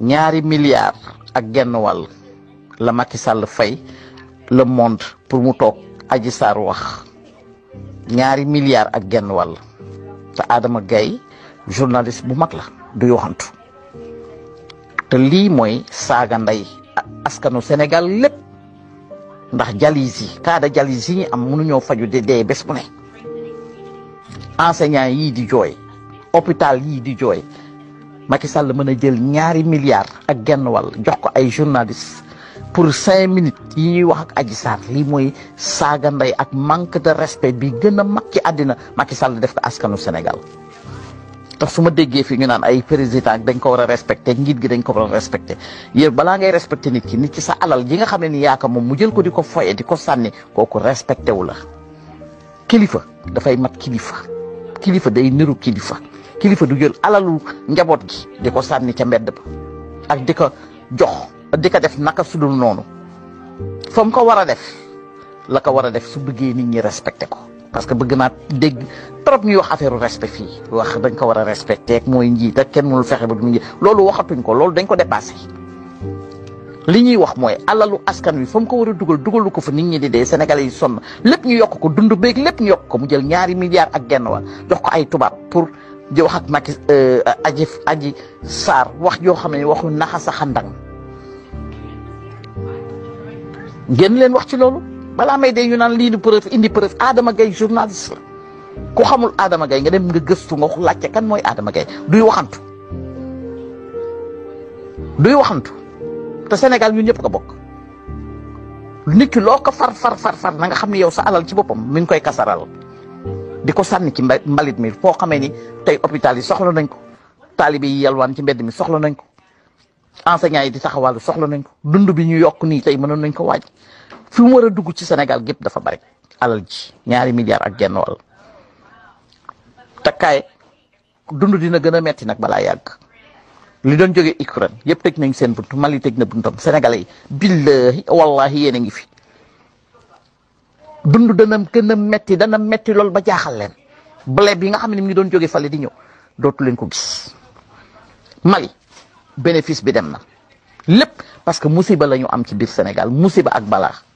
ñaari milliards ak genn wàll la Macky Sall fay le monde pour mu toog aji Sarr wax ñaari milliards ak genn wàll te Adama Gaye journaliste bu mag la du waxantu te lii mooy saaga ndey askanu Sénégal lép ndax jalousie cas de jalousie yi ñu am faju de dee bés bu ne enseignant yii di jooy hôpital yii di jooy Macky la mën a jël ñaari milliards ak genn wàll jox ko ay journalistes pour cinq minutes yi ñuy wax ak Adji Sarr lii mooy saaga ndey ak manque de respect bi gën a mag ci àddina Macky Sall def ko askanu Sénégal. tax su ma déggee fi ñu naan ay président dañ ko war a respecté njiit gi dañ ko war a respecté yow balaa ngay respecté nit ki nit ci sa alal ji nga xam ni yaaka moom mu jël ko di ko foye di ko sànni kooku respecté wu la. kilifa dafay mat kilifa kilifa day niru kilifa. kilifa du jël alalu njaboot gi di ko sànni ca mbedd ba ak di ko jox di ko def naka sudul noonu fa ko war a def la ko war a def su bëggee nit ñi respecté ko parce que bëgg naat dégg trop ñuy wax affaire respect fii wax dañ ko war a respecté ak mooy njiit ak kenn mënul fexe ba du loolu waxatuñ ko loolu dañ ko dépassé li ñuy wax mooy alalu askan wi fa mu ko war a dugal dugalu ko fa nit ñi di dee sénégalais yi sonn lépp ñu yokk ko dund beeg lépp ñu yokk ko mu jël ñaari milliards ak genn wàll jox di wax ak Macky euh, aji aji Sarr wax joo xam ne waxu naxasa xandang génn leen wax ci loolu balaa may dee ñu naan lii di preuve indi preuve Adama gay journaliste la ku xamul Adama gay nga dem nga gëstu nga laajte kan mooy Adama Gaye duy waxantu duy waxant te Sénégal ñun ñëpp ko bokk nit ki loo ko far far far far na nga xam ne yow sa alal ci boppam mi ngi koy kasaral di ko sànni ci mbalit mi foo xamee ni tey hôpital yi soxla nañ ko taalibe yi yalwaan ci mbedd mi soxla nañ ko enseignants yi di taxawal soxla nañ ko dund bi ñu yokk nii tey mënoon nañ ko waaj fi mu war a dugg ci senegal gépp dafa bari alal ji ñaari milliards ak genn wàll takkaay dund dina gën a metti nag balaa yàgg li doon jógee Ukraine yëpp tëj nañ seen bunt Mali tëj na buntam Sénégalais yi billahi wallahi yéen a ngi fi dund dana gën a metti dana metti lool ba jaaxal leen blé bi nga xam ne mi ngi doon jóge fale di ñëw dootu leen ko gis Mali bénéfice bi dem na lépp parce que musiba la ñu am ci biir Sénégal musiba ak balaa